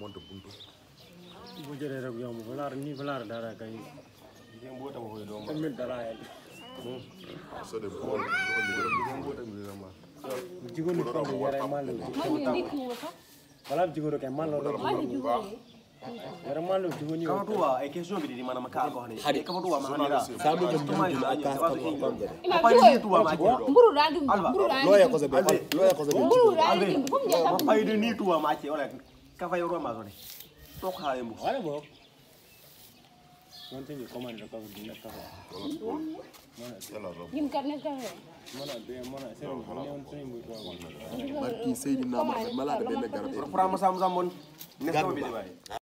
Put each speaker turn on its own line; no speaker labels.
monte buntu bu jëlee rek yomb balaa nii balaa dara kay so de bon jigolo ko ko yare malu
wala jigolo kay malu do yare malu jigoni ko to wa
e question bi di mana maka
ko hani hade ko to wa ma hani sa do ko ma ni aka ko ko ko
pa ni to wa ma ke
mburu da dum mburu da loya ko zabe
loya ko zabe mburu da dum ma pa ni to wa ma ke wala Cavaillero Amazônia. Toca aí, moço. Olha, bom. Não tem como ele acaba de netar.
Barki Seydina Muhammad mala da benn garab. Pour am sam samon. Nekk bi bay.